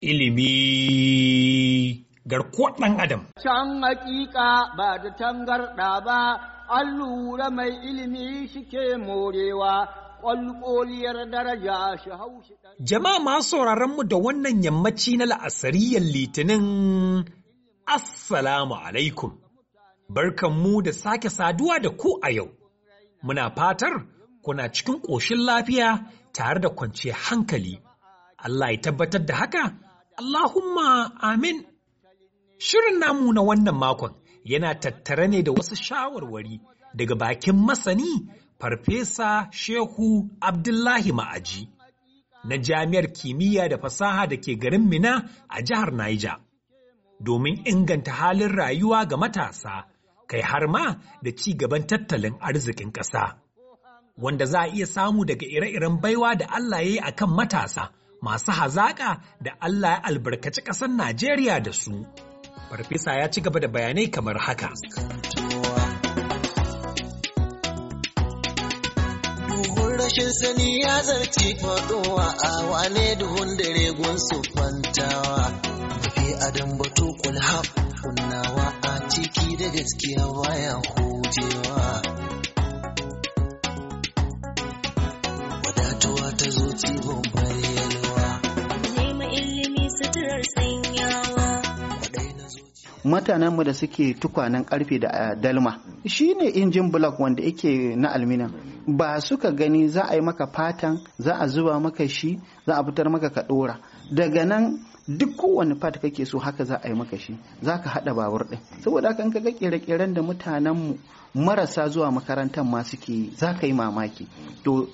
ilimi garkuwar ɗan adam. Can hakika ba da tangarɗa ba, an lura mai ilimi shi ke morewa, ƙwalƙoliyar daraja shi haushi Jama'a ma sauraron mu da wannan yammaci na la'asariyar litinin Assalamu alaikum. Barkan mu da sake saduwa da ku a yau. Muna fatar kuna cikin ƙoshin lafiya tare da kwanciyar hankali. Allah ya tabbatar da haka Allahumma amin. Shirin namu na wannan makon yana tattare ne da wasu shawarwari daga bakin masani Farfesa Shehu Abdullahi Ma'aji na Jami'ar Kimiyya da Fasaha da ke garin Mina a jihar Niger domin inganta halin rayuwa ga matasa kai har ma da ci gaban tattalin arzikin ƙasa. Wanda za a iya samu daga ire-iren baiwa da Allah ya yi a kan matasa. masu hazaƙa da Allah ya albarkaci ƙasar Najeriya da su. Farfesa ya ci gaba da bayanai kamar haka. rashin sani ya zarce faɗowa a wane duhun dare gunsu kwantawa mafi adam batu kulhaf kunnawa a ciki da gaskiya baya hujewa mutanenmu da suke tukwanen karfe da eh, dalma shine injin block wanda yake na almina ba suka gani za a yi maka fatan za a zuba maka shi za a fitar maka ka dora daga nan duk kowane fat kake so haka za a yi maka shi za ka haɗa babur ɗin saboda kan ka ga ƙeren da mutanenmu marasa zuwa makarantar ma suke yi za ka yi mamaki to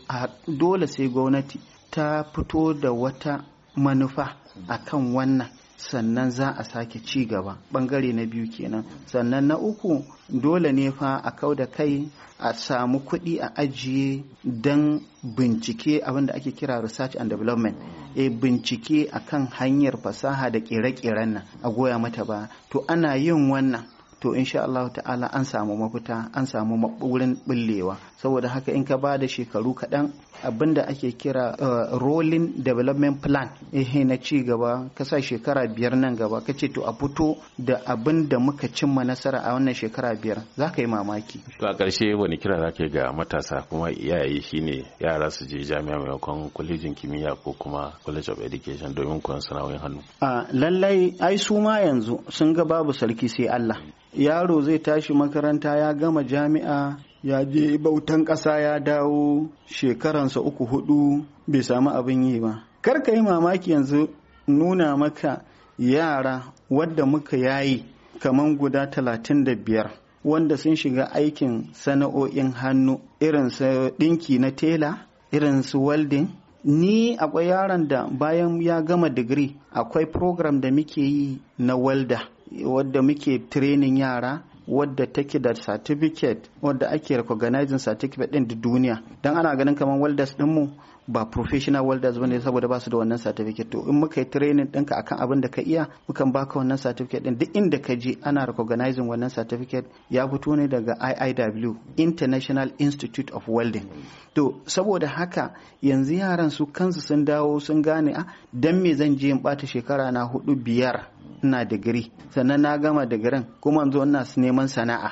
dole sai gwamnati ta fito da wata manufa akan wannan sannan za a sake ci gaba bangare na biyu kenan sannan na uku dole ne fa a kau da kai a samu kuɗi a ajiye don bincike abinda ake kira research and development e bincike akan hanyar fasaha da ƙere keren nan a goya mata ba to ana yin wannan to insha Allah ta'ala an samu mafita an samu wurin bullewa saboda haka in ka ba da shekaru kaɗan abinda ake kira uh, rolling development plan ehe na ci gaba ka sa shekara biyar nan gaba ka ce to a fito da abin da muka cimma nasara a wannan shekara biyar za ka yi mamaki to a ƙarshe wani kira za ga matasa kuma iyaye shine yara su je jami'a maimakon kwalejin kimiyya ko kuma college of education domin koyon sana'o'in hannu a lallai ai su ma yanzu sun ga babu sarki sai Allah yaro zai tashi makaranta ya gama jami'a ya je bautan ƙasa ya dawo shekaransa uku hudu bai samu abin yi ba kar ka yi mamaki yanzu nuna maka yara wadda muka yayi kaman guda talatin da biyar wanda sun shiga aikin sana'o'in hannu irin su ɗinki na tela irin su welding ni akwai yaron da bayan ya gama digiri akwai program da muke yi na welda wadda muke training yara wadda take da certificate wadda ake recognizing certificate din da duniya don ana ganin kamar welders dinmu ba professional welders bane saboda ba su da wannan certificate to in muka yi training ɗinka akan abin da ka iya mukan baka wannan certificate din duk inda ka je ana recognizing wannan certificate ya fito ne daga IIW International Institute of Welding to saboda haka yanzu yaran su kansu sun dawo sun gane a ah, dan me zan je in bata shekara na hudu biyar ina digiri sannan na gama digirin kuma yanzu ina neman sana'a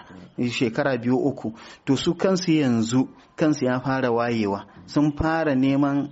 shekara biyu uku to su kansu yanzu kansu ya fara wayewa sun fara neman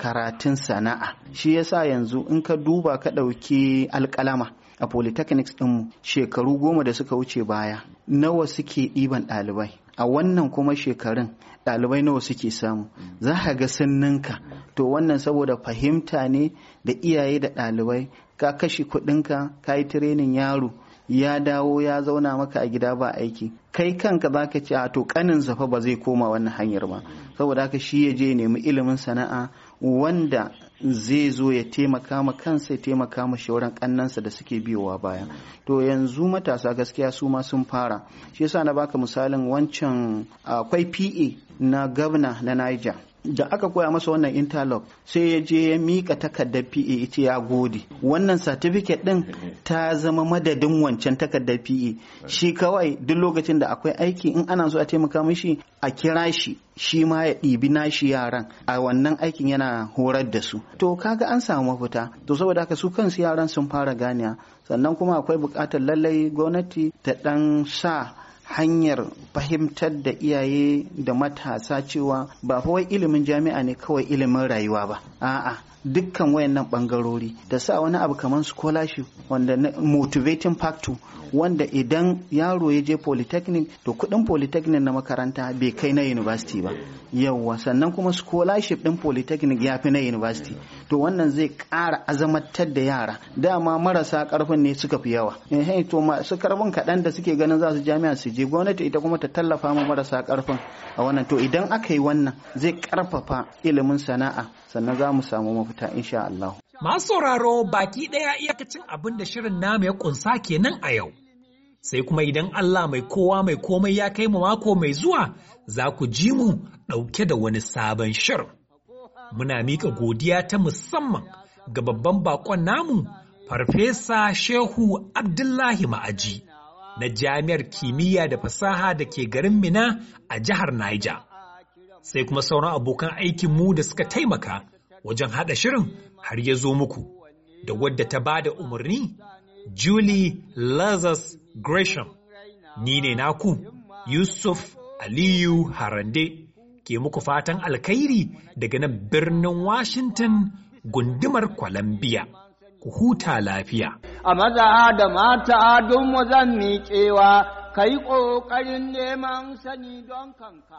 karatun sana'a shi yasa yanzu in ka duba ka ɗauki alƙalama a polytechnics ɗinmu shekaru goma da suka wuce baya nawa suke ɗiban ɗalibai a wannan kuma shekarun ɗalibai nawa suke samu za ka ga sannan ka to wannan saboda fahimta ne da iyaye da ɗalibai ka kashe kuɗinka ka yi tirenin yaro ya dawo ya zauna maka a gida ba aiki kai kanka za ka ce a to kanin zafa ba zai koma wannan hanyar ba saboda haka shi ya je nemi ilimin sana'a wanda zai zo ya taimaka ma kansa ya taimaka ma shauran kannansa da suke biyowa baya to yanzu matasa gaskiya su ma sun fara shi yasa na baka misalin wancan akwai PA na gwamna na Niger da aka koya masa wannan interlock sai ya je ya mika takardar PA ita ya gode wannan certificate din ta zama madadin wancan takardar PA shi kawai duk lokacin da akwai aiki in ana so a taimaka mishi a kira shi shi ma ya ɗibi nashi yaran a wannan aikin yana horar da su to kaga an samu mafita to saboda haka su kansu yaran sun fara ganiya sannan kuma akwai buƙatar lallai gwamnati ta ɗan sa hanyar fahimtar da iyaye da matasa cewa ba kawai ilimin jami'a ne kawai ilimin rayuwa ba a'a dukkan wayannan bangarori da sa wani abu kamar scholarship wanda motivating factor wanda idan yaro ya je polytechnic to kudin polytechnic na makaranta bai kai na university ba yawwa sannan kuma scholarship din polytechnic ya fi na university to wannan zai ƙara azamantar da yara dama marasa karfin ne suka fi yawa to masu karfin kaɗan da suke ganin za su jami'a su je gwamnati ita kuma ta tallafa ma marasa karfin a wannan to idan aka yi wannan zai karfafa ilimin sana'a sannan za mu samu mafita insha Allah masu sauraro baki daya iyakacin abin da shirin namu ya kunsa kenan a yau sai kuma idan Allah mai kowa mai komai ya kai mu mako mai zuwa za ku ji mu ɗauke da wani sabon shirin muna mika godiya ta musamman ga babban bakon namu Farfesa Shehu Abdullahi Ma'aji. na jami'ar kimiyya da fasaha da ke garin Mina a jihar Niger. Sai kuma sauran abokan aikin mu da suka taimaka wajen haɗa shirin har ya zo muku da wadda ta ba da umarni Julie Lazarus Gresham. Ni ne naku Yusuf Aliyu Harande ke muku fatan alkhairi daga nan birnin Washington gundumar Columbia. ku huta lafiya. A maza da mata don mu zan miƙewa, ka yi ƙoƙarin neman sani don kanka.